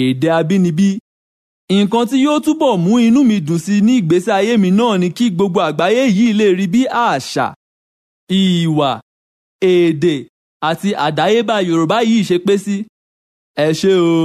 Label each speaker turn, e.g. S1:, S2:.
S1: èdè abínibí nǹkan tí yóò túbọ̀ mú inú mi dùn sí ní ìgbésí ayé mi náà ni kí gbogbo àgbáyé yìí lè rí bí àṣà ìwà èdè àti àdáyébá Yorùbá yìí ṣe pé sí ẹ ṣé o.